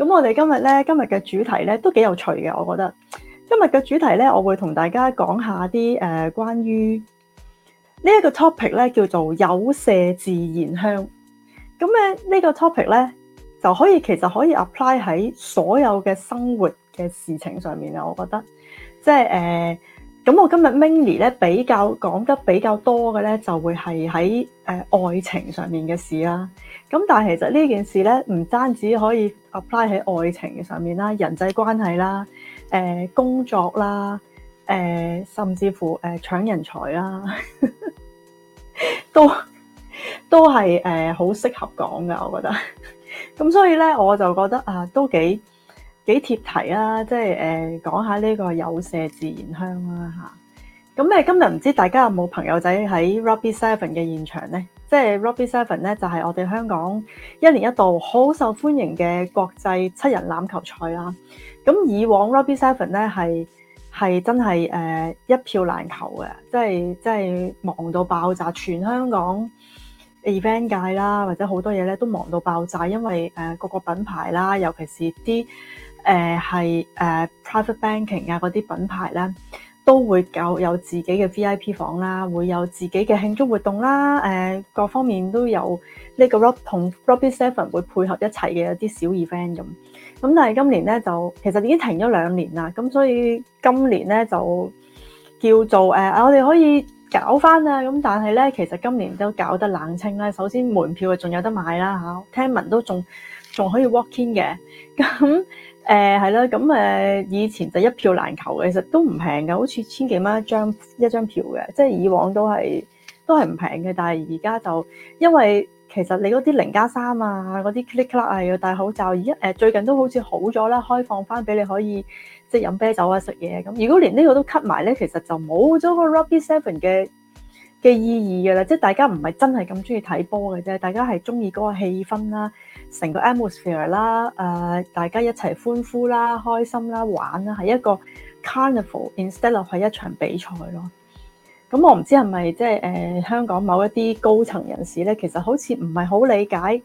咁我哋今日咧，今日嘅主題咧都幾有趣嘅，我覺得。今日嘅主題咧，我會同大家講下啲誒、呃、關於呢一個 topic 咧，叫做有麝自然香。咁咧呢、這個 topic 咧就可以其實可以 apply 喺所有嘅生活嘅事情上面啊，我覺得即係誒。呃咁我今日 mainly 咧比較講得比較多嘅咧，就會係喺誒愛情上面嘅事啦、啊。咁但係其實呢件事咧，唔單止可以 apply 喺愛情上面啦、人際關係啦、誒、呃、工作啦、誒、呃、甚至乎誒、呃、搶人才啦， 都都係誒好適合講嘅，我覺得。咁 所以咧，我就覺得啊，都幾～幾貼題啊！即係誒、呃、講下呢個有麝自然香啦、啊、吓，咁、啊、誒今日唔知大家有冇朋友仔喺 Rugby Seven 嘅現場呢？即係 Rugby Seven 咧就係、是、我哋香港一年一度好受歡迎嘅國際七人欖球賽啦、啊。咁、啊、以往 Rugby Seven 咧係係真係誒、呃、一票難求嘅，即係即係忙到爆炸，全香港 event 界啦，或者好多嘢咧都忙到爆炸，因為誒個、呃、個品牌啦，尤其是啲。誒係誒 private banking 啊嗰啲品牌咧都會有有自己嘅 VIP 房啦，會有自己嘅慶祝活動啦，誒、呃、各方面都有呢個 rock 同 Robbie Seven 會配合一齊嘅一啲小 event 咁。咁但係今年咧就其實已經停咗兩年啦，咁所以今年咧就叫做誒、呃、我哋可以搞翻啦。咁但係咧其實今年都搞得冷清啦。首先門票啊仲有得買啦嚇，聽聞都仲仲可以 walk in 嘅咁。誒係啦，咁誒、嗯嗯、以前就一票難求嘅，其實都唔平嘅，好似千幾蚊一張一張票嘅，即係以往都係都係唔平嘅。但係而家就因為其實你嗰啲零加三啊，嗰啲 click clack 啊，要戴口罩，而家誒最近都好似好咗啦，開放翻俾你可以即係飲啤酒啊、食嘢咁。如果連呢個都 cut 埋咧，其實就冇咗個 Rugby Seven 嘅嘅意義㗎啦。即係大家唔係真係咁中意睇波嘅啫，大家係中意嗰個氣氛啦。成個 atmosphere 啦、呃，誒大家一齊歡呼啦、開心啦、玩啦，係、啊、一個 carnival，instead of 係一場比賽咯。咁、嗯嗯嗯、我唔知係咪即係誒香港某一啲高層人士咧，其實好似唔係好理解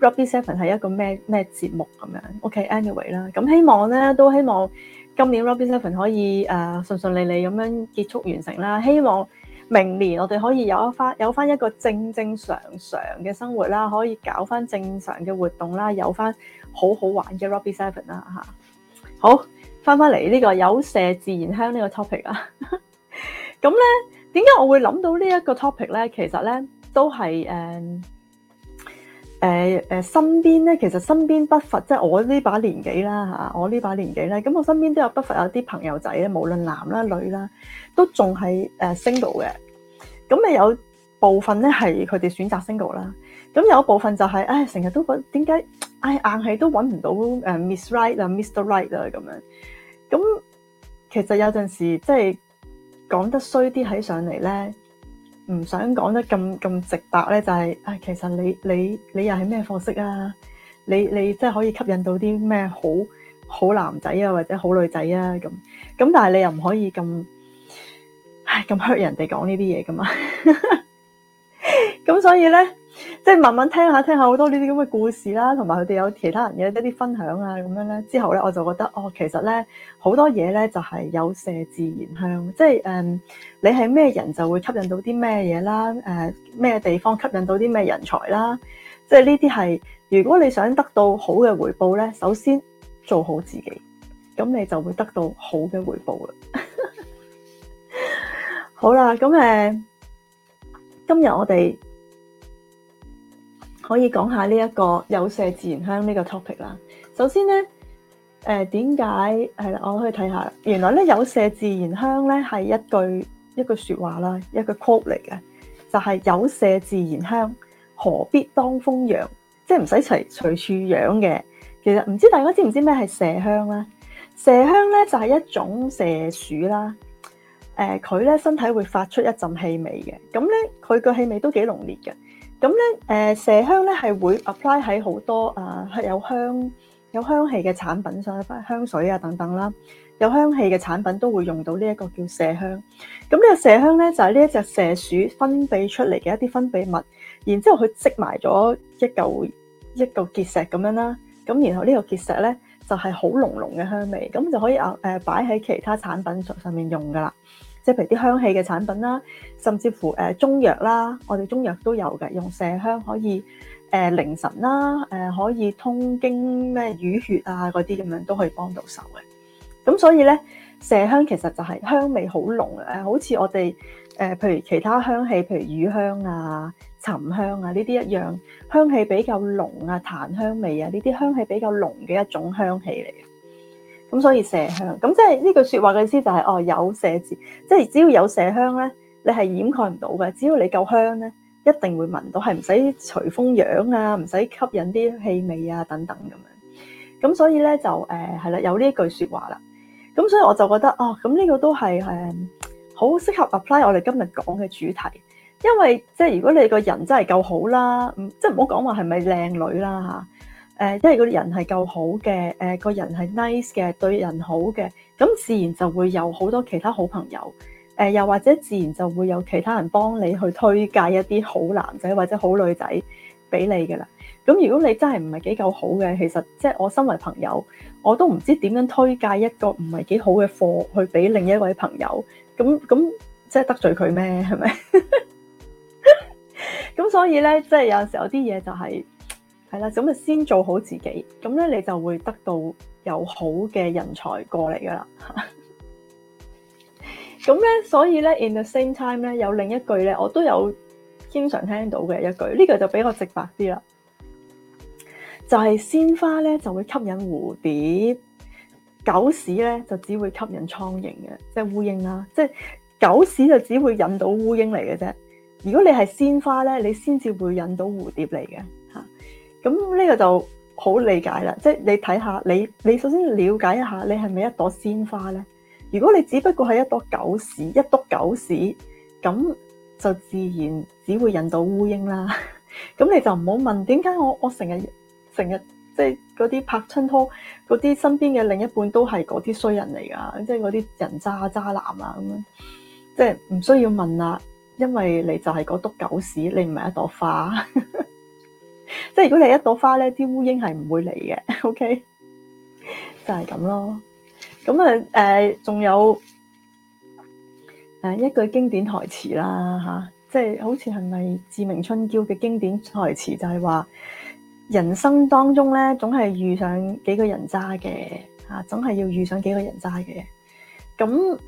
Rugby Sevens 係一個咩咩節目咁樣。OK，anyway、okay，啦，咁、嗯、希望咧都希望今年 Rugby Sevens 可以誒順順利利咁樣結束完成啦。希望。明年我哋可以有一翻有翻一個正正常常嘅生活啦，可以搞翻正常嘅活動啦，有翻好好玩嘅 Robby Seven 啦嚇。好翻翻嚟呢個有麝自然香個 呢個 topic 啊。咁咧點解我會諗到呢一個 topic 咧？其實咧都係誒。Uh, 誒誒、呃呃、身邊咧，其實身邊不乏即係我呢把年紀啦嚇，我呢把年紀咧，咁我身邊都有不乏有啲朋友仔咧，無論男啦女啦，都仲係誒 single 嘅。咁、呃、你有部分咧係佢哋選擇 single 啦，咁有部分就係唉成日都覺，點解唉硬係都揾唔到誒、呃、Miss Right 啊，Mr. Right 啊咁樣。咁其實有陣時即係講得衰啲喺上嚟咧。唔想講得咁咁直白咧，就係啊，其實你你你又係咩貨色啊？你你真係可以吸引到啲咩好好男仔啊，或者好女仔啊咁咁，但係你又唔可以咁唉咁 hurt 人哋講呢啲嘢㗎嘛？咁所以咧。即係慢慢聽下聽下好多呢啲咁嘅故事啦，同埋佢哋有其他人嘅一啲分享啊，咁樣咧之後咧，我就覺得哦，其實咧好多嘢咧就係有麝自然香，即係誒、嗯，你係咩人就會吸引到啲咩嘢啦，誒、呃、咩地方吸引到啲咩人才啦，即係呢啲係如果你想得到好嘅回報咧，首先做好自己，咁你就會得到好嘅回報啦。 好啦，咁誒，今日我哋。.可以講下呢一個有麝自然香呢個 topic 啦。首先咧，誒、呃，點解係啦？我可以睇下，原來咧有麝自然香咧係一句一句說話啦，一個 quote 嚟嘅，就係、是、有麝自然香，何必當風揚？即係唔使隨隨處揚嘅。其實唔知大家知唔知咩係麝香啦。麝香咧就係、是、一種麝鼠啦。誒、呃，佢咧身體會發出一陣氣味嘅，咁咧佢個氣味都幾濃烈嘅。咁咧，誒麝香咧係會 apply 喺好多啊，有香有香氣嘅產品上，香水啊等等啦，有香氣嘅產品都會用到呢一個叫麝香。咁、這、呢個麝香咧就係呢一隻麝鼠分泌出嚟嘅一啲分泌物，然之後佢積埋咗一嚿一嚿結石咁樣啦，咁然後呢個結石咧就係好濃濃嘅香味，咁就可以啊誒擺喺其他產品上面用噶啦。即係譬如啲香氣嘅產品啦，甚至乎誒中藥啦，我哋中藥都有嘅，用麝香可以誒、呃、凌晨啦，誒、呃、可以通經咩淤血啊嗰啲咁樣都可以幫到手嘅。咁所以咧，麝香其實就係香味好濃嘅，好似我哋誒、呃、譬如其他香氣，譬如乳香啊、沉香啊呢啲一樣，香氣比較濃啊、檀香味啊呢啲香氣比較濃嘅一種香氣嚟。咁所以麝香，咁即係呢句説話嘅意思就係哦，有麝自，即係只要有麝香咧，你係掩蓋唔到嘅。只要你夠香咧，一定會聞到，係唔使隨風揚啊，唔使吸引啲氣味啊等等咁樣。咁所以咧就誒係啦，有呢一句説話啦。咁所以我就覺得哦，咁呢個都係誒好適合 apply 我哋今日講嘅主題，因為即係如果你個人真係夠好啦，即係唔好講話係咪靚女啦嚇。誒，因為個人係夠好嘅，誒、呃，個人係 nice 嘅，對人好嘅，咁自然就會有好多其他好朋友，誒、呃，又或者自然就會有其他人幫你去推介一啲好男仔或者好女仔俾你㗎喇。咁如果你真係唔係幾夠好嘅，其實即係我身為朋友，我都唔知點樣推介一個唔係幾好嘅貨去俾另一位朋友，咁咁即係得罪佢咩？係咪？咁 所以咧，即係有時候有啲嘢就係、是。係啦，咁咪先做好自己，咁咧你就會得到有好嘅人才過嚟噶啦。咁 咧，所以咧，in the same time 咧，有另一句咧，我都有經常聽到嘅一句，呢個就比較直白啲啦。就係鮮花咧，就會吸引蝴蝶；狗屎咧，就只會吸引蒼蠅嘅，即係烏蠅啦。即係狗屎就只會引到烏蠅嚟嘅啫。如果你係鮮花咧，你先至會引到蝴蝶嚟嘅。咁呢個就好理解啦，即係你睇下你你首先了解一下你係咪一朵鮮花咧？如果你只不過係一朵狗屎，一篤狗屎，咁就自然只會引到烏蠅啦。咁 你就唔好問點解我我成日成日即係嗰啲拍親拖嗰啲身邊嘅另一半都係嗰啲衰人嚟㗎，即係嗰啲人渣渣男啊咁樣，即係唔需要問啦，因為你就係嗰篤狗屎，你唔係一朵花。 即係如果你一朵花咧，啲烏蠅係唔會嚟嘅，OK， 就係咁咯。咁啊，誒、呃，仲有誒、呃，一句經典台詞啦，吓，即、就、係、是、好似係咪《志明春嬌》嘅經典台詞，就係話人生當中咧，總係遇上幾個人渣嘅，吓、啊，總係要遇上幾個人渣嘅。咁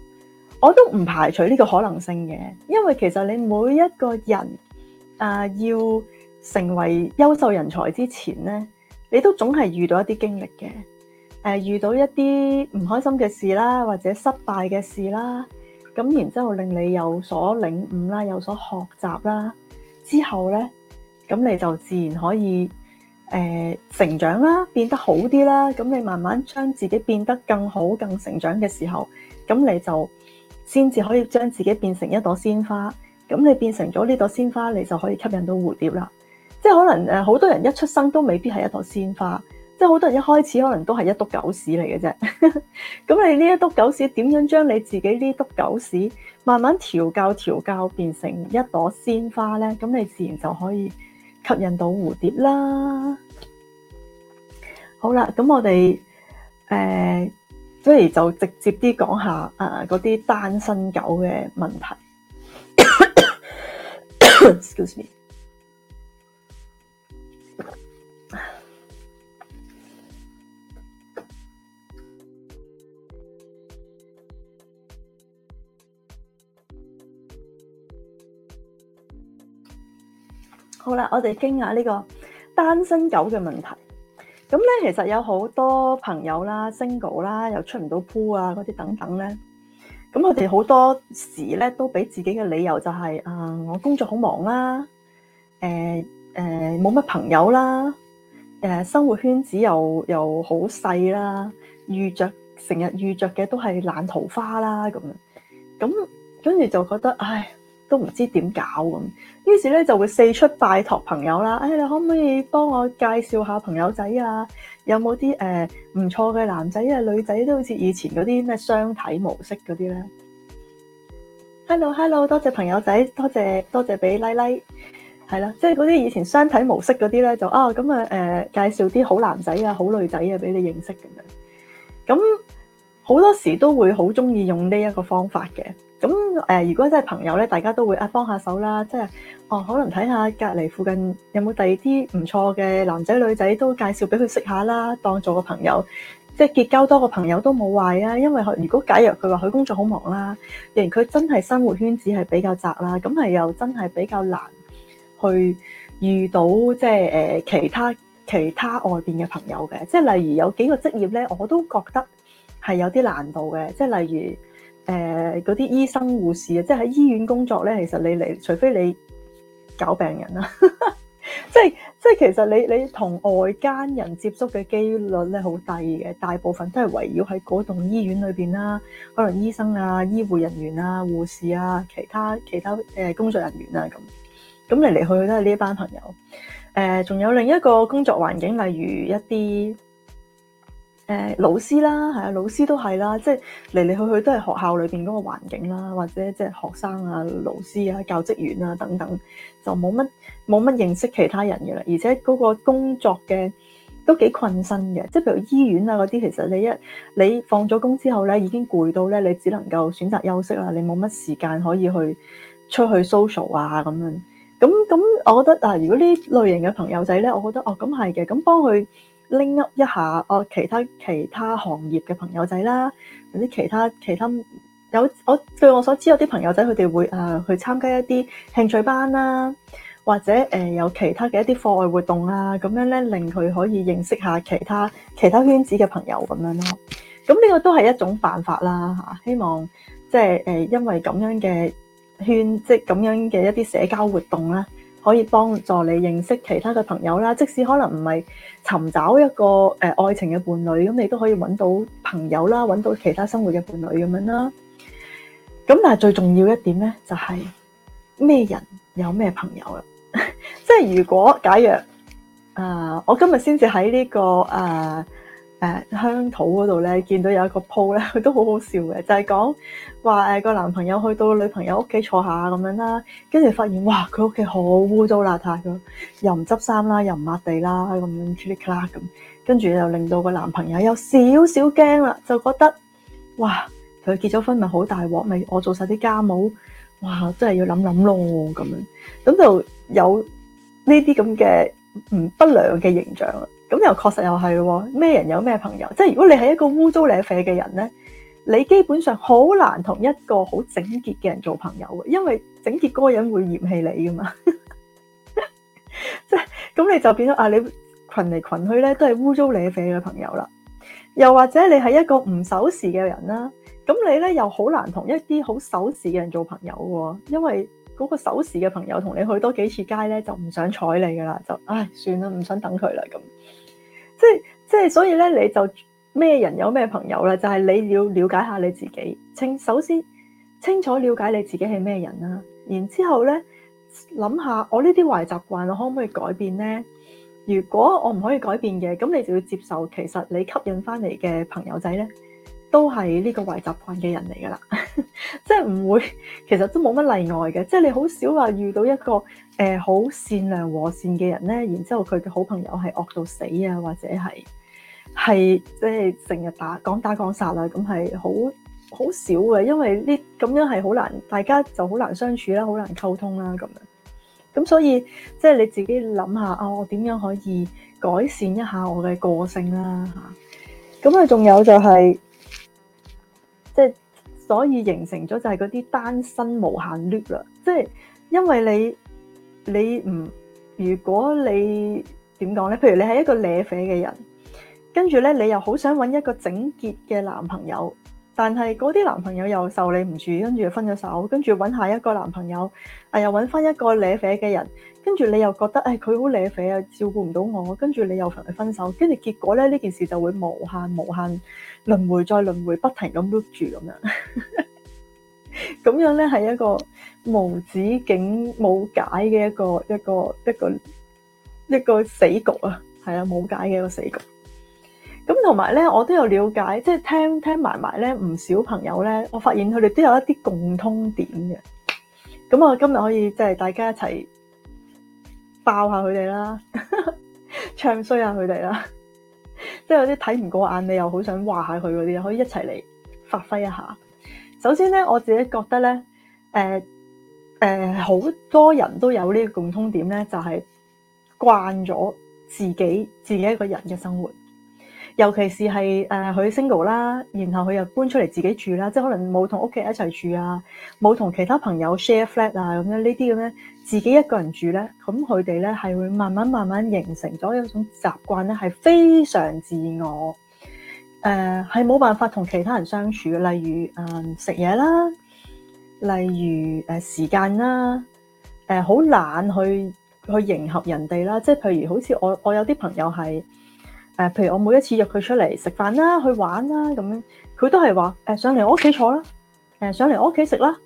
我都唔排除呢個可能性嘅，因為其實你每一個人啊、呃、要。成為優秀人才之前咧，你都總係遇到一啲經歷嘅，誒、呃、遇到一啲唔開心嘅事啦，或者失敗嘅事啦，咁然之後令你有所領悟啦，有所學習啦，之後咧，咁你就自然可以誒、呃、成長啦，變得好啲啦，咁你慢慢將自己變得更好、更成長嘅時候，咁你就先至可以將自己變成一朵鮮花，咁你變成咗呢朵鮮花，你就可以吸引到蝴蝶啦。即係可能誒，好、呃、多人一出生都未必係一朵鮮花，即係好多人一開始可能都係一篤狗屎嚟嘅啫。咁你呢一篤狗屎點樣將你自己呢篤狗屎慢慢調教調教，變成一朵鮮花咧？咁你自然就可以吸引到蝴蝶啦。好啦，咁我哋誒不如就直接啲講下誒嗰啲單身狗嘅問題。 Excuse me. 好啦，我哋傾下呢個單身狗嘅問題。咁咧，其實有好多朋友啦，single 啦，又出唔到 pool 啊，嗰啲等等咧。咁我哋好多時咧都俾自己嘅理由，就是，就係誒，我工作好忙啦，誒、呃、誒，冇、呃、乜朋友啦，誒、呃，生活圈子又又好細啦，遇着成日遇着嘅都係爛桃花啦，咁樣，咁跟住就覺得唉。都唔知點搞咁，於是咧就會四出拜託朋友啦。誒、哎，你可唔可以幫我介紹下朋友仔啊？有冇啲誒唔錯嘅男仔啊、女仔都好似以前嗰啲咩相睇模式嗰啲咧？Hello，Hello，多謝朋友仔，多謝多謝俾奶奶，係啦，即係嗰啲以前相睇模式嗰啲咧，就啊咁啊誒，介紹啲好男仔啊、好女仔啊俾你認識咁樣。咁好多時都會好中意用呢一個方法嘅。咁誒，如果真係朋友咧，大家都會啊幫下手啦，即係哦，可能睇下隔離附近有冇第二啲唔錯嘅男仔女仔都介紹俾佢識下啦，當做個朋友，即係結交多個朋友都冇壞啊。因為如果假若佢話佢工作好忙啦，既然佢真係生活圈子係比較窄啦，咁係又真係比較難去遇到即係誒其他其他外邊嘅朋友嘅，即係例如有幾個職業咧，我都覺得係有啲難度嘅，即係例如。誒，嗰啲、呃、醫生護士啊，即係喺醫院工作咧，其實你嚟，除非你搞病人啦， 即係即係，其實你你同外間人接觸嘅幾率咧好低嘅，大部分都係圍繞喺嗰棟醫院裏邊啦，可能醫生啊、醫護人員啊、護士啊、其他其他誒工作人員啊咁，咁嚟嚟去去都係呢一班朋友。誒、呃，仲有另一個工作環境，例如一啲。誒、呃、老師啦，係啊，老師都係啦，即係嚟嚟去去都係學校裏邊嗰個環境啦，或者即係學生啊、老師啊、教職員啊等等，就冇乜冇乜認識其他人嘅啦，而且嗰個工作嘅都幾困身嘅，即係譬如醫院啊嗰啲，其實你一你放咗工之後咧，已經攰到咧，你只能夠選擇休息啦，你冇乜時間可以去出去 social 啊咁樣，咁咁我覺得嗱，如果呢類型嘅朋友仔咧，我覺得哦咁係嘅，咁幫佢。拎一一下哦，其他其他行業嘅朋友仔啦，或者其他其他有我據我所知有啲朋友仔，佢哋會誒去參加一啲興趣班啦，或者誒、呃、有其他嘅一啲課外活動啊，咁樣咧令佢可以認識下其他其他圈子嘅朋友咁樣咯。咁呢個都係一種辦法啦嚇，希望即係誒因為咁樣嘅圈，即係咁樣嘅一啲社交活動啦。可以幫助你認識其他嘅朋友啦，即使可能唔係尋找一個誒、呃、愛情嘅伴侶，咁你都可以揾到朋友啦，揾到其他生活嘅伴侶咁樣啦。咁但係最重要一點咧，就係、是、咩人有咩朋友啦。 即係如果假若誒、啊，我今日先至喺呢個誒。啊誒鄉土嗰度咧，見到有一個鋪咧，佢都好好笑嘅，就係講話誒個男朋友去到女朋友屋企坐下咁樣啦，跟住發現哇佢屋企好污糟邋遢，佢又唔執衫啦，又唔抹地啦，咁樣 clik 啦咁，跟住又令到個男朋友有少少驚啦，就覺得哇佢結咗婚咪好大鑊咪，我做晒啲家務，哇真係要諗諗咯咁樣，咁就有呢啲咁嘅唔不良嘅形象啦。咁又確實又係喎，咩人有咩朋友？即係如果你係一個污糟瀨啡嘅人咧，你基本上好難同一個好整潔嘅人做朋友嘅，因為整潔嗰人會嫌棄你噶嘛。 即係咁，你就變咗啊！你群嚟群去咧，都係污糟瀨啡嘅朋友啦。又或者你係一個唔守時嘅人啦，咁你咧又好難同一啲好守時嘅人做朋友嘅，因為嗰個守時嘅朋友同你去多幾次街咧，就唔想睬你噶啦，就唉算啦，唔想等佢啦咁。即係即係，所以咧你就咩人有咩朋友啦，就係你要了解下你自己。請首先清楚了解你自己係咩人啦，然之後咧諗下我呢啲壞習慣我可唔可以改變咧？如果我唔可以改變嘅，咁你就要接受，其實你吸引翻嚟嘅朋友仔咧。都係呢個壞習慣嘅人嚟㗎啦，即係唔會，其實都冇乜例外嘅。即係你好少話遇到一個誒好、呃、善良和善嘅人咧，然之後佢嘅好朋友係惡到死啊，或者係、係即係成日打講打講殺啦，咁係好好少嘅，因為呢咁樣係好難，大家就好難相處啦，好難溝通啦、啊，咁樣咁所以即係你自己諗下、啊，我點樣可以改善一下我嘅個性啦吓？咁啊，仲有就係、是。即係所以形成咗就係嗰啲單身無限 loop 啦，即係因為你你唔如果你點講咧？譬如你係一個咧啡嘅人，跟住咧你又好想揾一個整潔嘅男朋友。但係嗰啲男朋友又受你唔住，跟住分咗手，跟住揾下一個男朋友，啊又揾翻一個咧啡嘅人，跟住你又覺得誒佢好咧啡啊，照顧唔到我，跟住你又同佢分手，跟住結果咧呢件事就會無限無限輪迴再輪迴，不停咁 loop 住咁樣，咁 樣咧係一個無止境冇解嘅一個一個一個一個，一個死局啊，係啊冇解嘅一個死局。咁同埋咧，我都有了解，即係聽聽埋埋咧，唔少朋友咧，我發現佢哋都有一啲共通點嘅。咁啊，今日可以即係大家一齊爆下佢哋啦， 唱衰下佢哋啦，即係有啲睇唔過眼，你又好想話下佢嗰啲，可以一齊嚟發揮一下。首先咧，我自己覺得咧，誒誒，好多人都有呢個共通點咧，就係慣咗自己自己一個人嘅生活。尤其是係誒佢 single 啦，然後佢又搬出嚟自己住啦，即係可能冇同屋企人一齊住啊，冇同其他朋友 share flat 啊，咁樣呢啲咁樣自己一個人住咧，咁佢哋咧係會慢慢慢慢形成咗一種習慣咧，係非常自我，誒係冇辦法同其他人相處嘅，例如誒食嘢啦，例如誒、呃、時間啦，誒好懶去去迎合人哋啦，即係譬如好似我我有啲朋友係。誒、呃，譬如我每一次約佢出嚟食飯啦，去玩啦，咁樣佢都係話誒上嚟我屋企坐啦，誒、呃、上嚟我屋企食啦，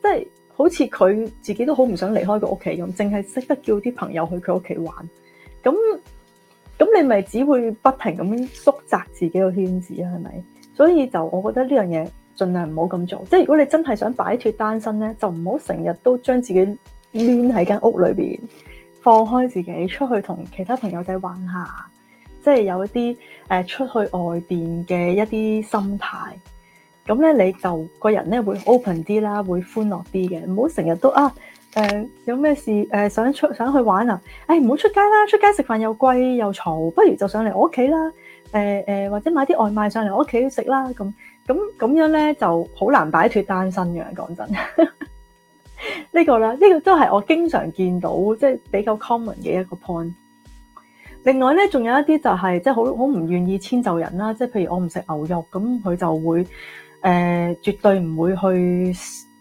即係好似佢自己都好唔想離開個屋企咁，淨係識得叫啲朋友去佢屋企玩，咁咁你咪只會不停咁縮窄自己個圈子啊？係咪？所以就我覺得呢樣嘢盡量唔好咁做，即係如果你真係想擺脫單身咧，就唔好成日都將自己攣喺間屋裏邊，放開自己出去同其他朋友仔玩下。即係有一啲誒、呃、出去外邊嘅一啲心態，咁咧你就個人咧會 open 啲啦，會歡樂啲嘅，唔好成日都啊誒、呃、有咩事誒、呃、想出想去玩啊，誒唔好出街啦，出街食飯又貴又嘈，不如就上嚟我屋企啦，誒、呃、誒、呃、或者買啲外賣上嚟我屋企食啦，咁咁咁樣咧就好難擺脫單身嘅，講真，呢、這個啦，呢、這個都係我經常見到，即係比較 common 嘅一個 point。另外咧，仲有一啲就係、是、即係好好唔願意遷就人啦，即係譬如我唔食牛肉咁，佢就會誒、呃、絕對唔會去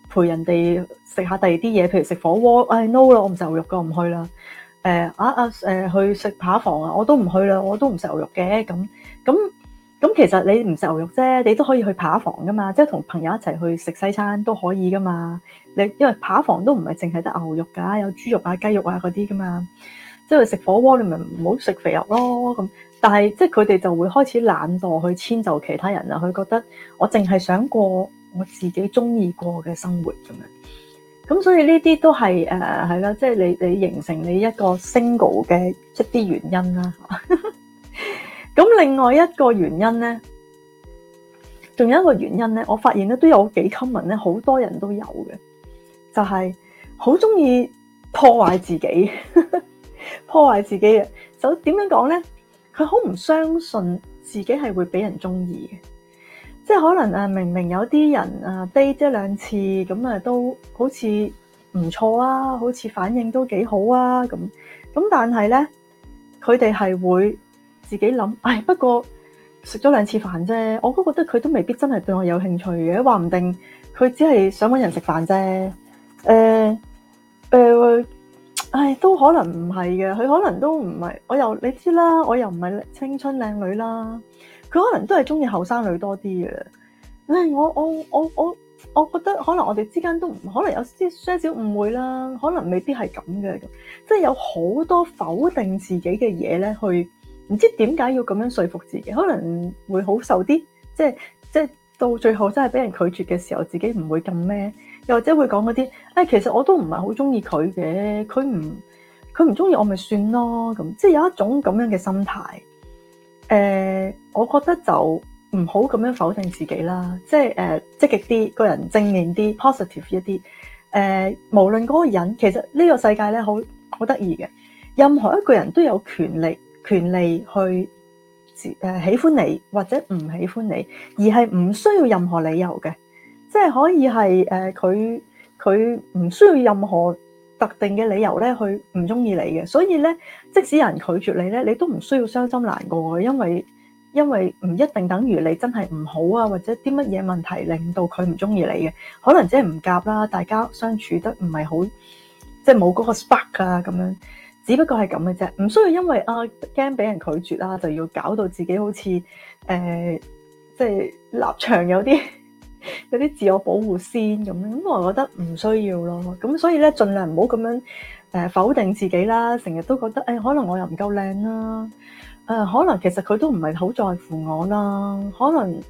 陪人哋食下第二啲嘢，譬如食火鍋，誒、哎、no 啦，我唔食牛肉噶，唔去啦。誒啊啊誒，去食扒房啊，我都唔去啦，我都唔食牛肉嘅。咁咁咁，其實你唔食牛肉啫，你都可以去扒房噶嘛，即係同朋友一齊去食西餐都可以噶嘛。你因為扒房都唔係淨係得牛肉噶，有豬肉啊、雞肉啊嗰啲噶嘛。即係食火鍋，你咪唔好食肥肉咯咁。但係即係佢哋就會開始懶惰去遷就其他人啦。佢覺得我淨係想過我自己中意過嘅生活咁樣。咁所以呢啲都係誒係啦，即係你你形成你一個 single 嘅一啲原因啦。咁 另外一個原因咧，仲有一個原因咧，我發現咧都有幾 common 咧，好多人都有嘅，就係好中意破壞自己。 破壞自己嘅，就點樣講咧？佢好唔相信自己係會俾人中意嘅，即係可能啊，明明有啲人啊，date 一兩次咁啊，都好似唔錯啊，好似反應都幾好啊，咁咁但係咧，佢哋係會自己諗，唉、哎，不過食咗兩次飯啫，我都覺得佢都未必真係對我有興趣嘅，話唔定佢只係想搵人食飯啫，誒、呃、誒。呃唉，都可能唔係嘅，佢可能都唔係，我又你知啦，我又唔係青春靚女啦，佢可能都係中意後生女多啲嘅。唉，我我我我，我覺得可能我哋之間都唔可能有啲少少誤會啦，可能未必係咁嘅，即係有好多否定自己嘅嘢咧，去唔知點解要咁樣說服自己，可能會好受啲，即係即係到最後真係俾人拒絕嘅時候，自己唔會咁咩。又或者會講嗰啲，誒、哎，其實我都唔係好中意佢嘅，佢唔佢唔中意我咪算咯，咁即係有一種咁樣嘅心態。誒、呃，我覺得就唔好咁樣否定自己啦，即係誒、呃、積極啲，個人正面啲，positive 一啲。誒、呃，無論嗰個人，其實呢個世界咧好好得意嘅，任何一個人都有權利權利去誒、呃、喜歡你或者唔喜歡你，而係唔需要任何理由嘅。即係可以係誒，佢佢唔需要任何特定嘅理由咧，去唔中意你嘅。所以咧，即使有人拒絕你咧，你都唔需要傷心難過嘅，因為因為唔一定等於你真係唔好啊，或者啲乜嘢問題令到佢唔中意你嘅，可能即係唔夾啦，大家相處得唔係好，即係冇嗰個 spark 啊咁樣，只不過係咁嘅啫，唔需要因為啊驚俾人拒絕啦，就要搞到自己好似誒、呃，即係立場有啲。有啲自我保護先咁樣，咁我係覺得唔需要咯。咁所以咧，盡量唔好咁樣誒、呃、否定自己啦。成日都覺得誒、欸，可能我又唔夠靚啦。誒、呃，可能其實佢都唔係好在乎我啦。可能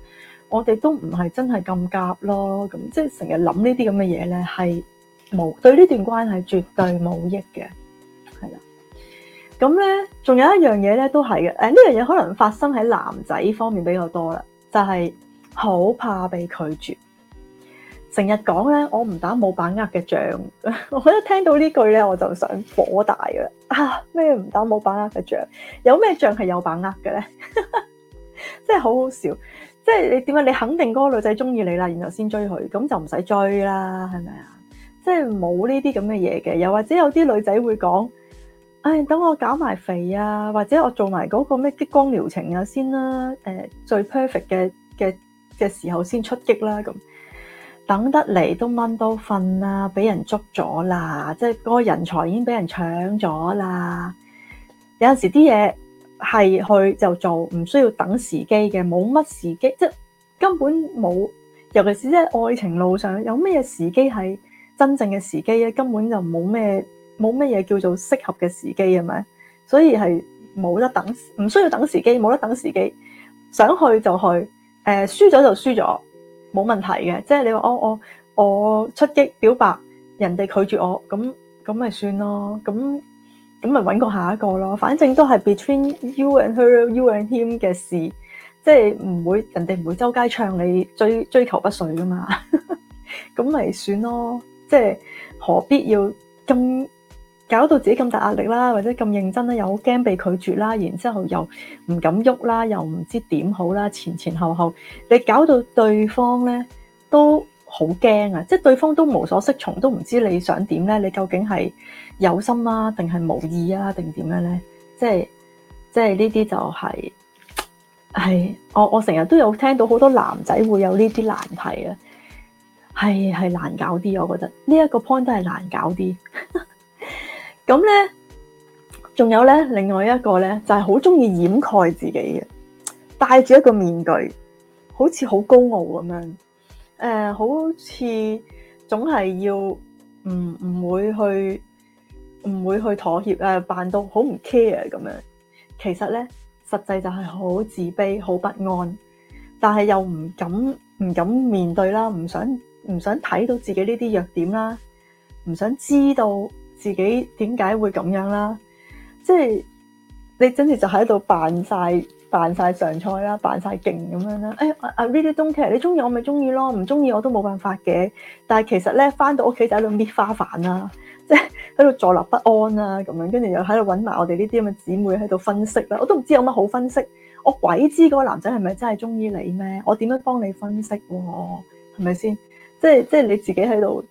我哋都唔係真係咁夾咯。咁即係成日諗呢啲咁嘅嘢咧，係冇對呢段關係絕對冇益嘅，係啦。咁咧，仲有一樣嘢咧，都係嘅。誒、呃，呢樣嘢可能發生喺男仔方面比較多啦，就係、是。好怕被拒絕，成日講咧，我唔打冇把握嘅仗。 我覺得聽到呢句咧，我就想火大啊！啊，咩唔打冇把握嘅仗？有咩仗係有把握嘅咧？即係好好笑，即係你點解你，你肯定嗰個女仔中意你啦？然後先追佢，咁就唔使追啦，係咪啊？即係冇呢啲咁嘅嘢嘅。又或者有啲女仔會講：唉、哎，等我搞埋肥啊，或者我做埋嗰個咩激光療程啊先啦。誒，最 perfect 嘅嘅。嘅時候先出擊啦，咁等得嚟都掹到瞓啦，俾人捉咗啦，即係嗰個人才已經俾人搶咗啦。有陣時啲嘢係去就做，唔需要等時機嘅，冇乜時機，即係根本冇。尤其是即係愛情路上，有咩時機係真正嘅時機呀？根本就冇咩冇咩嘢叫做適合嘅時機，係咪？所以係冇得等，唔需要等時機，冇得等時機，想去就去。誒，輸咗，呃、就輸咗，冇問題嘅。即係你話，哦、我我我出擊表白，人哋拒絕我，咁咁咪算咯，咁咁咪揾個下一個咯。反正都係 between you and her, you and him 嘅事，即係唔會人哋唔會周街唱你追追求不遂噶嘛，咁 咪算咯。即係何必要咁？搞到自己咁大壓力啦，或者咁認真啦，又好驚被拒絕啦，然之後又唔敢喐啦，又唔知點好啦，前前後後你搞到對方咧都好驚啊！即係對方都無所適從，都唔知你想點咧？你究竟係有心啊，定係無意啊，定點樣咧？即係即係呢啲就係、是、係我我成日都有聽到好多男仔會有呢啲難題啊，係係難搞啲，我覺得呢一、這個 point 都係難搞啲。 咁咧，仲有咧，另外一個咧，就係好中意掩蓋自己嘅，戴住一個面具，好似好高傲咁樣，誒、呃，好似總係要唔唔會去唔會去妥協，誒、呃，扮到好唔 care 咁樣。其實咧，實際就係好自卑、好不安，但係又唔敢唔敢面對啦，唔想唔想睇到自己呢啲弱點啦，唔想知道。自己點解會咁樣啦？即係你真係就喺度扮晒、扮晒上菜啦、扮晒勁咁樣啦。哎呀，阿阿 I really don't care，你中意我咪中意咯，唔中意我都冇辦法嘅。但係其實咧，翻到屋企就喺度搣花瓣啦，即係喺度坐立不安啦咁樣，跟住又喺度揾埋我哋呢啲咁嘅姊妹喺度分析啦。我都唔知有乜好分析，我鬼知嗰個男仔係咪真係中意你咩？我點樣幫你分析喎？係咪先？即係即係你自己喺度。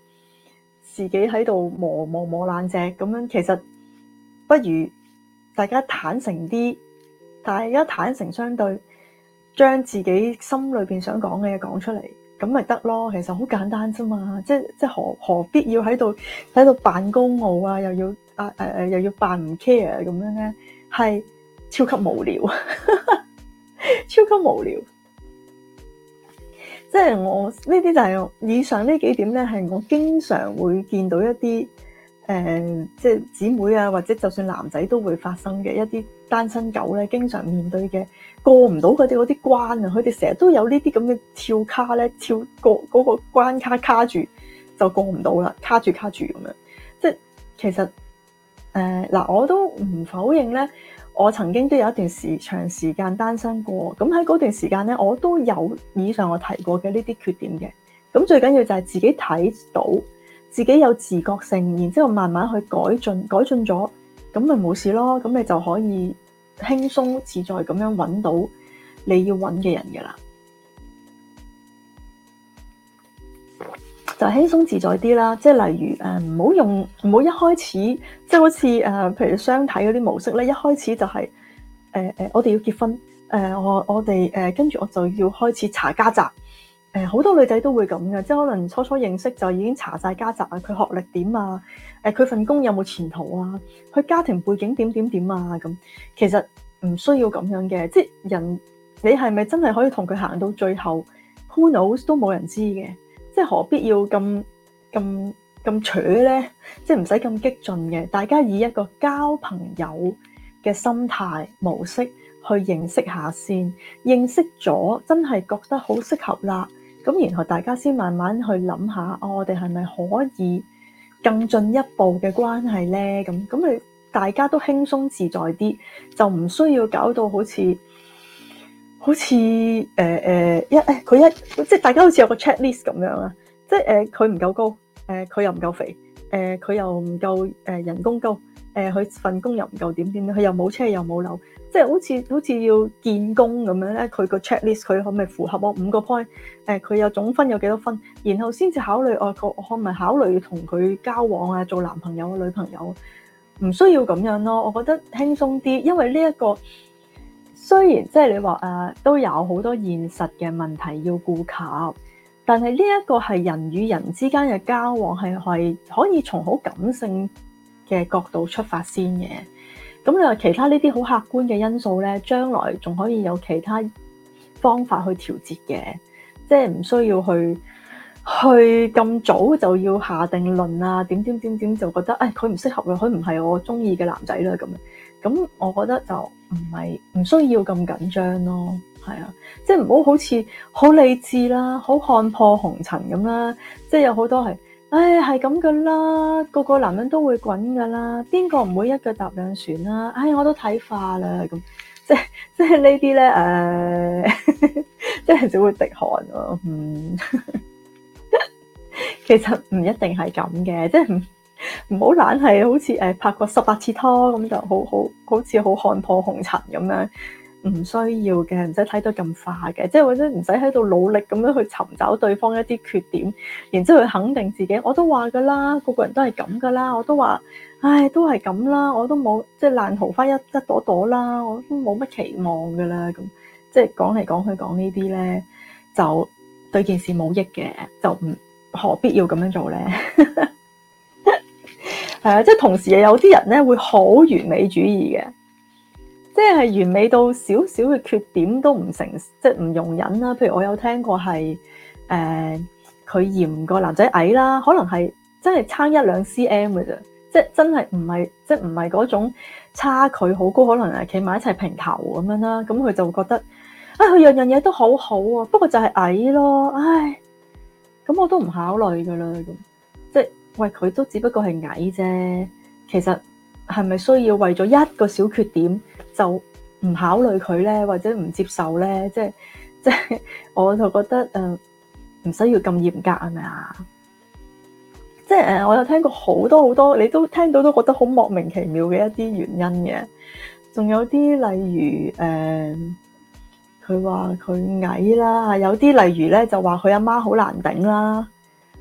自己喺度磨磨磨爛隻，咁樣其實不如大家坦誠啲，大家坦誠相對，將自己心裏邊想講嘅嘢講出嚟，咁咪得咯。其實好簡單啫嘛，即即何何必要喺度喺度扮高傲啊，又要啊誒誒又要扮唔 care 咁樣咧，係超級無聊， 超級無聊。即係我呢啲就係以上呢幾點咧，係我經常會見到一啲誒、呃，即係姊妹啊，或者就算男仔都會發生嘅一啲單身狗咧，經常面對嘅過唔到佢哋嗰啲關啊，佢哋成日都有呢啲咁嘅跳卡咧，跳過嗰、嗰個關卡卡住就過唔到啦，卡住卡住咁樣，即係其實誒嗱、呃，我都唔否認咧。我曾經都有一段時間長時間單身過，咁喺嗰段時間咧，我都有以上我提過嘅呢啲缺點嘅。咁最緊要就係自己睇到，自己有自覺性，然之後慢慢去改進，改進咗，咁咪冇事咯。咁你就可以輕鬆自在咁樣揾到你要揾嘅人嘅啦。就輕鬆自在啲啦，即係例如誒，唔好用唔好一開始，即係好似誒，譬如雙體嗰啲模式咧，一開始就係、是、誒、呃呃，我哋要結婚，誒、呃，我我哋誒，跟、呃、住我就要開始查家宅，誒、呃，好多女仔都會咁嘅，即係可能初初認識就已經查晒家宅啊，佢學歷點啊？誒，佢份工有冇前途啊？佢家庭背景點點點啊，咁其實唔需要咁樣嘅，即係人你係咪真係可以同佢行到最後，who knows 都冇人知嘅。即係何必要咁咁咁扯咧？即係唔使咁激進嘅，大家以一個交朋友嘅心態模式去認識下先，認識咗真係覺得好適合啦。咁然後大家先慢慢去諗下，哦，我哋係咪可以更進一步嘅關係咧？咁咁，你大家都輕鬆自在啲，就唔需要搞到好似～好似誒誒一誒佢一即係大家好似有個 checklist 咁樣啊，即係誒佢唔夠高，誒、呃、佢又唔夠肥，誒、呃、佢又唔夠誒、呃、人工高，誒、呃、佢份工又唔夠點點，佢又冇車又冇樓，即係好似好似要見工咁樣咧。佢個 checklist 佢可唔可以符合我五個 point？誒、呃、佢有總分有幾多分，然後先至考慮我我可唔可以考慮同佢交往啊，做男朋友啊女朋友唔需要咁樣咯，我覺得輕鬆啲，因為呢、這、一個。雖然即係你話誒，都有好多現實嘅問題要顧及，但係呢一個係人與人之間嘅交往係係可以從好感性嘅角度出發先嘅。咁你話其他呢啲好客觀嘅因素咧，將來仲可以有其他方法去調節嘅，即係唔需要去去咁早就要下定論啊，點點點點就覺得誒佢唔適合嘅，佢唔係我中意嘅男仔啦，咁咁我覺得就。唔係唔需要咁緊張咯，係啊，即係唔好好似好理智啦，好看破紅塵咁啦，即係有好多係，唉、哎，係咁㗎啦，個個男人都會滾㗎啦，邊個唔會一腳踏兩船啦、啊？唉、哎，我都睇化啦，咁即即係呢啲咧，誒，即係只、啊、 會滴汗喎、啊，嗯， 其實唔一定係咁嘅，即係唔。唔好懶係好似誒、欸、拍過十八次拖咁就好，好好似好看破紅塵咁樣，唔需要嘅，唔使睇到咁化嘅，即係或者唔使喺度努力咁樣去尋找對方一啲缺點，然之後去肯定自己。我都話噶啦，個個人都係咁噶啦，我都話，唉，都係咁啦，我都冇即係爛桃花一一朵朵，朵朵啦，我都冇乜期望噶啦，咁即係講嚟講去講呢啲咧，就對件事冇益嘅，就唔何必要咁樣做咧。 係啊、呃，即係同時又有啲人咧會好完美主義嘅，即係完美到少少嘅缺點都唔成，即係唔容忍啦。譬如我有聽過係，誒、呃，佢嫌個男仔矮啦，可能係真係差一兩 cm 嘅啫，即係真係唔係，即係唔係嗰種差距好高，可能係企埋一齊平頭咁樣啦。咁佢就會覺得啊，佢、哎、樣樣嘢都好好啊，不過就係矮咯，唉，咁我都唔考慮噶啦咁。喂，佢都只不過係矮啫，其實係咪需要為咗一個小缺點就唔考慮佢咧，或者唔接受咧？即係即係，我就覺得誒，唔、呃、需要咁嚴格係咪啊？即係誒、呃，我有聽過好多好多，你都聽到都覺得好莫名其妙嘅一啲原因嘅，仲有啲例如誒，佢話佢矮啦，有啲例如咧就話佢阿媽好難頂啦。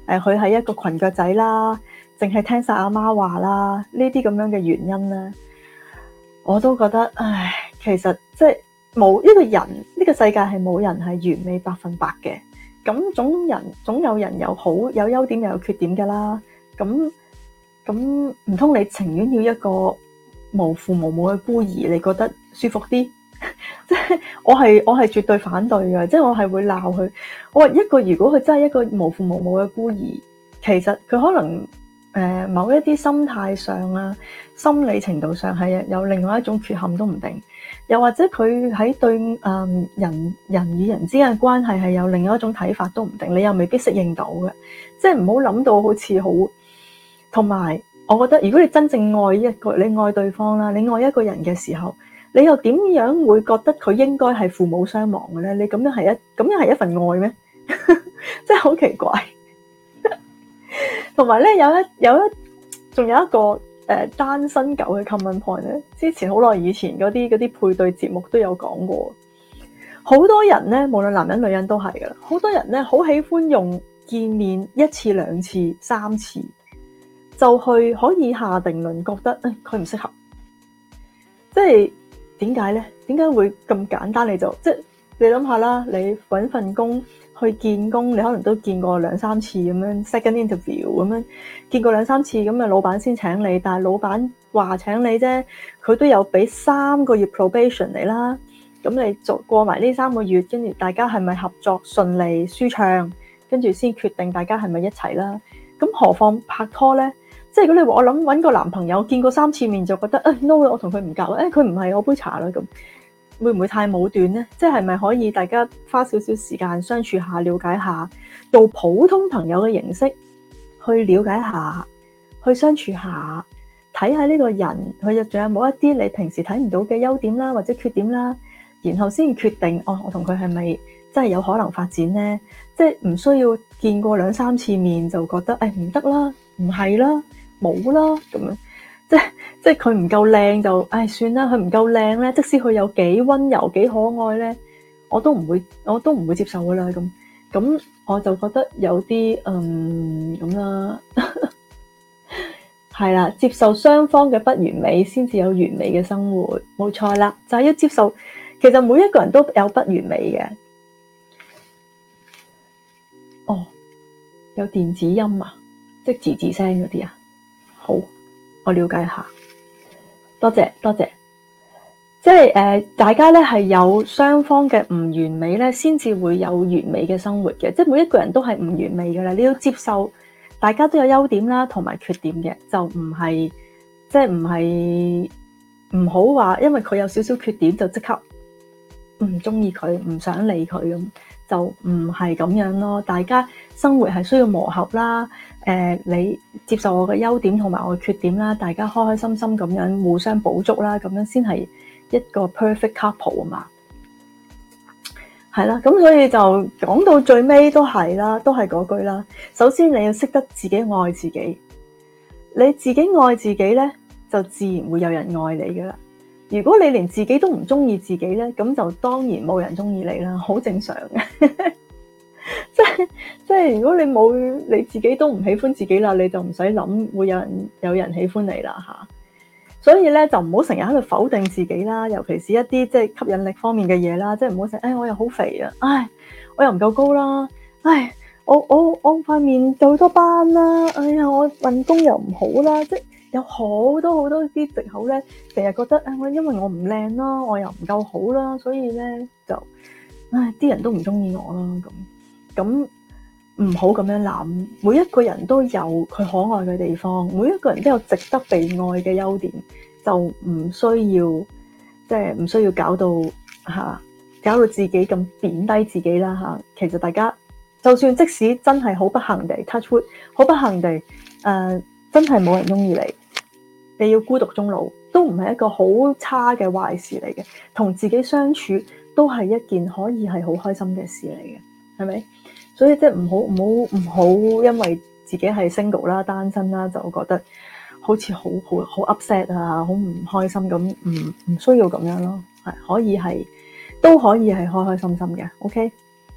誒，佢係一個裙腳仔啦，淨係聽晒阿媽話啦，呢啲咁樣嘅原因咧，我都覺得唉，其實即係冇一個人呢、呢個世界係冇人係完美百分百嘅。咁總人總有人有好有優點又有缺點嘅啦。咁咁唔通你情願要一個無父無母嘅孤兒，你覺得舒服啲？即係 我係我係絕對反對嘅，即係我係會鬧佢。我話一個如果佢真係一個無父無母嘅孤兒，其實佢可能誒、呃、某一啲心態上啊，心理程度上係有另外一種缺陷都唔定。又或者佢喺對誒人人與人之間嘅關係係有另外一種睇法都唔定。你又未必適應到嘅，即係唔好諗到好似好。同埋，我覺得如果你真正愛一個，你愛對方啦，你愛一個人嘅時候。你又點樣會覺得佢應該係父母雙亡嘅咧？你咁樣係一咁樣係一份愛咩？ 真係好很奇怪。同埋咧，有一有一仲有一個誒、呃、單身狗嘅 common point 咧。之前好耐以前嗰啲嗰啲配對節目都有講過，好多人咧，無論男人女人都係㗎啦。好多人咧，好喜歡用見面一次、兩次、三次就去可以下定論，覺得誒佢唔適合，即係。點解咧？點解會咁簡單你就，即係你諗下啦，你揾份工去見工，你可能都見過兩三次咁樣，second interview 咁樣，見過兩三次咁嘅老闆先請你，但係老闆話請你啫，佢都有俾三個月 probation 你啦。咁你做過埋呢三個月，跟住大家係咪合作順利舒暢，跟住先決定大家係咪一齊啦？咁何況拍拖咧？即係如果你話我諗搵個男朋友，見過三次面就覺得誒，no，我同佢唔夾，誒佢唔係我杯茶啦，咁會唔會太武斷咧？即係係咪可以大家花少少時間相處下，了解下，做普通朋友嘅形式去了解下，去相處下，睇下呢個人佢就仲有冇一啲你平時睇唔到嘅優點啦，或者缺點啦，然後先決定哦，我同佢係咪真係有可能發展咧？即係唔需要見過兩三次面就覺得誒唔得啦，唔係啦。冇啦，咁樣即係即係佢唔夠靚就，唉、哎、算啦，佢唔夠靚咧，即使佢有幾溫柔幾可愛咧，我都唔會，我都唔會接受噶啦，咁咁我就覺得有啲嗯咁啦，係啦， 接受雙方嘅不完美，先至有完美嘅生活，冇錯啦，就係、是、要接受，其實每一個人都有不完美嘅。哦，有電子音啊，即係字字聲嗰啲啊。好，我了解下。多謝多謝，即係誒、呃，大家咧係有雙方嘅唔完美咧，先至會有完美嘅生活嘅。即係每一個人都係唔完美噶啦，你要接受，大家都有優點啦，同埋缺點嘅，就唔係即係唔係唔好話，因為佢有少少缺點就即刻唔中意佢，唔想理佢咁，就唔係咁樣咯。大家生活係需要磨合啦。誒、呃，你接受我嘅優點同埋我嘅缺點啦，大家開開心心咁樣互相補足啦，咁樣先係一個 perfect couple 啊嘛。係啦，咁所以就講到最尾都係啦，都係嗰句啦。首先你要識得自己愛自己，你自己愛自己咧，就自然會有人愛你噶啦。如果你連自己都唔中意自己咧，咁就當然冇人中意你啦，好正常嘅。 即係即係，如果你冇你自己都唔喜歡自己啦，你就唔使諗會有人有人喜歡你啦吓、啊。所以咧就唔好成日喺度否定自己啦，尤其是一啲即係吸引力方面嘅嘢啦，即係唔好成日誒，我又好肥啊，唉我又唔夠高啦，唉我我我塊面就好多斑啦，哎呀我運工又唔好啦，即係有好多好多啲藉口咧，成日覺得誒，我因為我唔靚啦，我又唔夠好啦，所以咧就唉啲人都唔中意我啦咁。咁唔好咁樣諗，每一個人都有佢可愛嘅地方，每一個人都有值得被愛嘅優點，就唔需要即係唔需要搞到吓、啊，搞到自己咁貶低自己啦吓、啊。其實大家就算即使真係好不幸地 touch wood 好不幸地誒，uh, 真係冇人中意你，你要孤獨終老都唔係一個好差嘅壞事嚟嘅，同自己相處都係一件可以係好開心嘅事嚟嘅，係咪？所以即係唔好唔好唔好，因為自己係 single 啦、單身啦，就覺得好似好好好 upset 啊，好唔開心咁，唔唔需要咁樣咯，係可以係都可以係開開心心嘅。OK，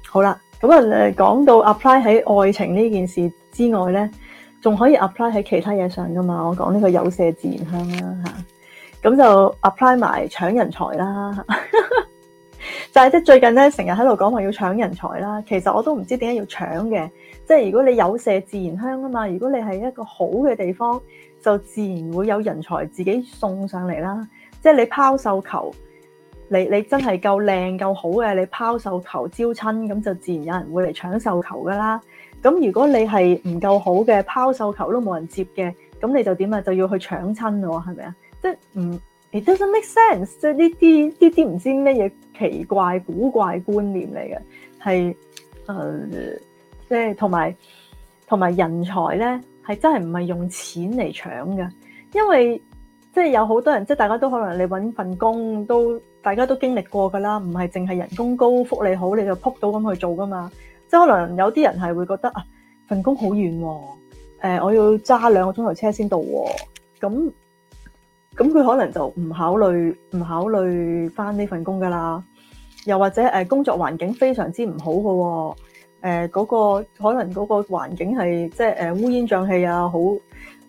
好啦，咁啊誒講到 apply 喺愛情呢件事之外咧，仲可以 apply 喺其他嘢上噶嘛？我講呢個有麝自然香啦、啊、嚇，咁就 apply 埋搶人才啦。 但係即最近咧，成日喺度講話要搶人才啦。其實我都唔知點解要搶嘅。即係如果你有麝自然香啊嘛，如果你係一個好嘅地方，就自然會有人才自己送上嚟啦。即係你拋繡球，你你真係夠靚夠好嘅，你拋繡球招親咁就自然有人會嚟搶繡球噶啦。咁如果你係唔夠好嘅，拋繡球都冇人接嘅，咁你就點啊？就要去搶親喎，係咪啊？即係唔，it doesn't make sense，即係呢啲呢啲唔知咩嘢。奇怪古怪觀念嚟嘅，係誒、呃，即係同埋同埋人才咧，係真係唔係用錢嚟搶嘅，因為即係有好多人，即係大家都可能你搵份工都大家都經歷過噶啦，唔係淨係人工高福利好你就撲到咁去做噶嘛，即係可能有啲人係會覺得啊份工好遠，哦，誒、呃、我要揸兩個鐘頭車先到，哦，咁咁佢可能就唔考慮唔考慮返呢份工噶啦。又或者誒工作環境非常之唔好嘅喎、哦，誒、呃、嗰、那個可能嗰個環境係即係誒烏煙瘴氣啊，好誒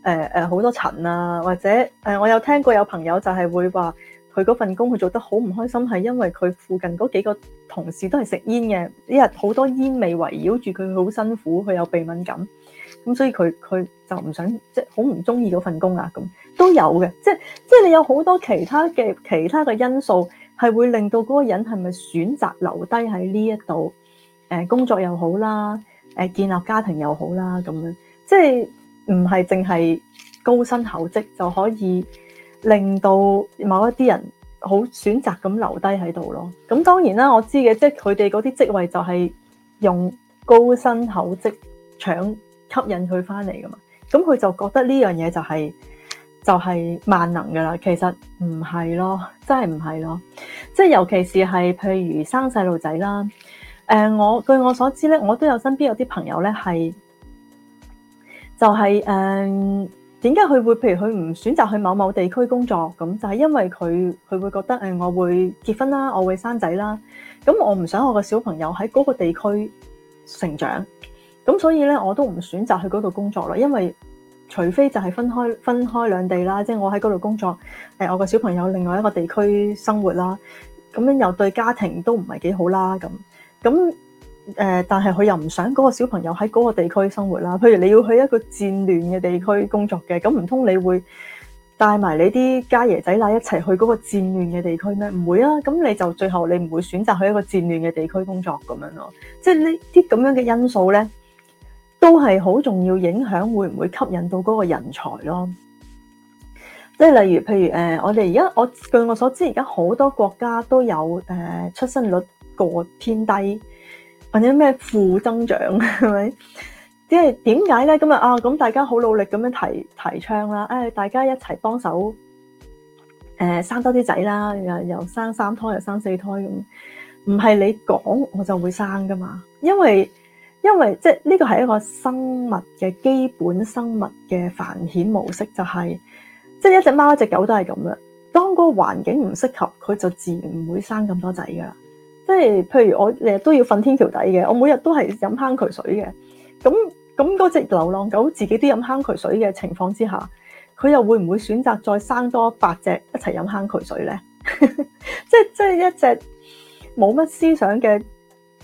誒好多塵啊，或者誒、呃、我有聽過有朋友就係會話佢嗰份工佢做得好唔開心，係因為佢附近嗰幾個同事都係食煙嘅，一日好多煙味圍繞住佢，好辛苦，佢有鼻敏感，咁所以佢佢就唔想即係好唔中意嗰份工啊，咁都有嘅，即係即係你有好多其他嘅其他嘅因素。係會令到嗰個人係咪選擇留低喺呢一度？誒、呃，工作又好啦，誒、呃，建立家庭又好啦，咁樣，即係唔係淨係高薪厚職就可以令到某一啲人好選擇咁留低喺度咯？咁、嗯、當然啦，我知嘅，即係佢哋嗰啲職位就係用高薪厚職搶吸引佢返嚟㗎嘛，咁、嗯、佢就覺得呢樣嘢就係、是。就係萬能噶啦，其實唔係咯，真係唔係咯，即係尤其是係譬如生細路仔啦，誒、呃，我據我所知咧，我都有身邊有啲朋友咧係，就係、是、誒，點解佢會譬如佢唔選擇去某某地區工作咁，就係因為佢佢會覺得誒、呃，我會結婚啦，我會生仔啦，咁我唔想我個小朋友喺嗰個地區成長，咁所以咧，我都唔選擇去嗰度工作啦，因為。除非就係分開分開兩地啦，即係我喺嗰度工作，誒、呃、我個小朋友另外一個地區生活啦，咁樣又對家庭都唔係幾好啦咁。咁誒、呃，但係佢又唔想嗰個小朋友喺嗰個地區生活啦。譬如你要去一個戰亂嘅地區工作嘅，咁唔通你會帶埋你啲家爺仔乸一齊去嗰個戰亂嘅地區咩？唔會啊！咁你就最後你唔會選擇去一個戰亂嘅地區工作咁樣咯。即係呢啲咁樣嘅因素咧。都係好重要影響，影響會唔會吸引到嗰個人才咯？即係例如，譬如誒，我哋而家我據我所知，而家好多國家都有誒、呃、出生率過偏低，或者咩負增長，係咪？即係點解咧？咁啊啊，咁大家好努力咁樣提提倡啦，誒、哎，大家一齊幫手誒、呃、生多啲仔啦，又又生三胎又生四胎咁，唔係你講我就會生噶嘛？因為因為即係呢個係一個生物嘅基本生物嘅繁衍模式，就係、是、即係一隻貓一隻狗都係咁啦。當嗰個環境唔適合，佢就自然唔會生咁多仔噶啦。即係譬如我日日都要瞓天橋底嘅，我每日都係飲坑渠水嘅。咁咁嗰隻流浪狗自己都飲坑渠水嘅情況之下，佢又會唔會選擇再生多八隻一齊飲坑渠水咧？ 即即係一隻冇乜思想嘅。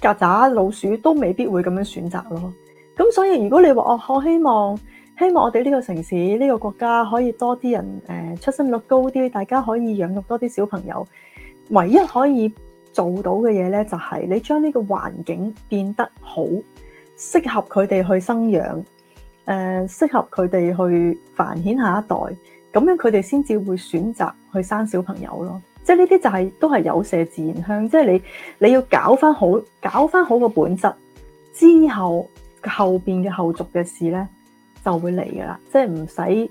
曱甴老鼠都未必會咁樣選擇咯，咁所以如果你話、哦、我希望，希望我哋呢個城市、呢、呢個國家可以多啲人，誒、呃、出生率高啲，大家可以養育多啲小朋友。唯一可以做到嘅嘢咧，就係、是、你將呢個環境變得好，適合佢哋去生養，誒、呃、適合佢哋去繁衍下一代，咁樣佢哋先至會選擇去生小朋友咯。即係呢啲就係、是、都係有麝自然香，即係你你要搞翻好，搞翻好個本質之後，後邊嘅後續嘅事咧就會嚟噶啦，即係唔使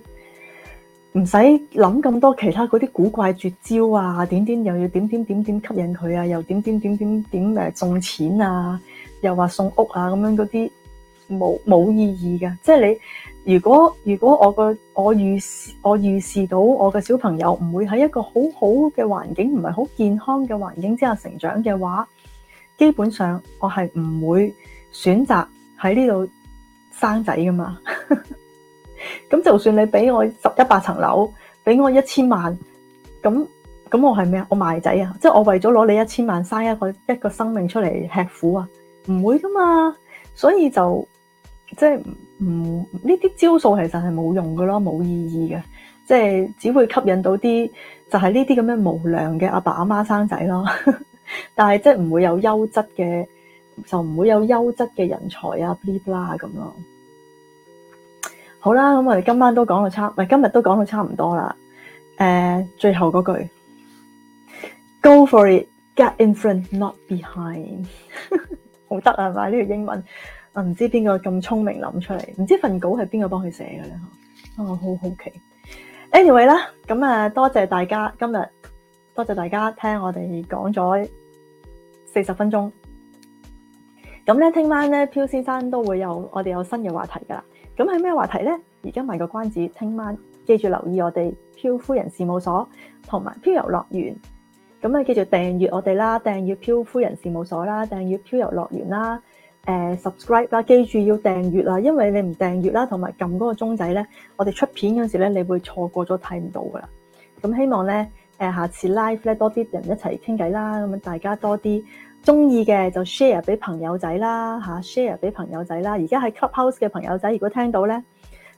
唔使諗咁多其他嗰啲古怪絕招啊，點點又要點點點點吸引佢啊，又點點點點點誒送錢啊，又話送屋啊咁樣嗰啲冇冇意義噶，即係你。如果如果我個我預我預示到我嘅小朋友唔會喺一個好好嘅環境，唔係好健康嘅環境之下成長嘅話，基本上我係唔會選擇喺呢度生仔噶嘛。咁 就算你俾我十一百層樓，俾我一千萬，咁咁我係咩啊？我賣仔啊！即係我為咗攞你一千萬，生一個一個生命出嚟吃苦啊，唔會噶嘛。所以就即係。嗯，呢啲招數其實係冇用噶咯，冇意義嘅，即係只會吸引到啲就係呢啲咁嘅無良嘅阿爸阿媽生仔咯，但係即係唔會有優質嘅，就唔會有優質嘅人才啊，噼里啪啦咁咯。好啦，咁我哋今晚都講到差，唔係今日都講到差唔多啦。誒、呃，最後嗰句 ，Go for it, get in front, not behind， 好得啊嘛？呢、這個英文。啊，唔知邊個咁聰明諗出嚟，唔知份稿係邊個幫佢寫嘅咧？啊，我好好奇。Anyway 啦、啊，咁啊多謝大家今日，多謝大家聽我哋講咗四十分鐘。咁咧，聽晚咧，漂先生都會有我哋有新嘅話題噶啦。咁係咩話題咧？而家賣個關子，聽晚記住留意我哋漂夫人事務所同埋漂遊樂園。咁啊，記住訂閱我哋啦，訂閱漂夫人事務所啦，訂閱漂遊樂園啦。誒、呃、subscribe 啦，記住要訂閱啊，因為你唔訂閱啦，同埋撳嗰個鐘仔咧，我哋出片嗰時咧，你會錯過咗睇唔到噶啦。咁希望咧，誒、呃、下次 live 咧多啲人一齊傾偈啦，咁大家多啲中意嘅就 share 俾朋友仔啦，嚇、啊、share 俾朋友仔啦。而家喺 Clubhouse 嘅朋友仔，如果聽到咧，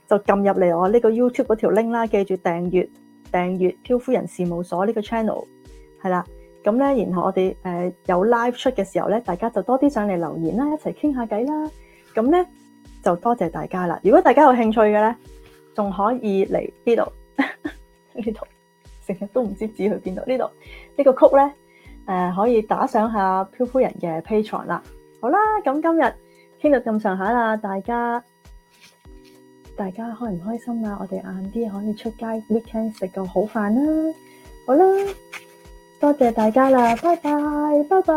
就撳入嚟我呢個 YouTube 嗰條 link 啦，記住訂閱訂閱，漂夫人事務所呢個 channel，係啦。咁咧、嗯，然後我哋誒、呃、有 live 出嘅時候咧，大家就多啲上嚟留言啦，一齊傾下偈啦。咁咧就多謝大家啦。如果大家有興趣嘅咧，仲可以嚟、這個、呢度呢度，成日都唔知自己去邊度。呢度呢個曲咧誒，可以打賞下漂夫人嘅 Patreon 啦。好啦，咁、嗯、今日傾到咁上下啦，大家大家開唔開心啊？我哋晏啲可以出街 weekend 食個好飯啦。好啦。多謝大家啦，拜拜，拜拜。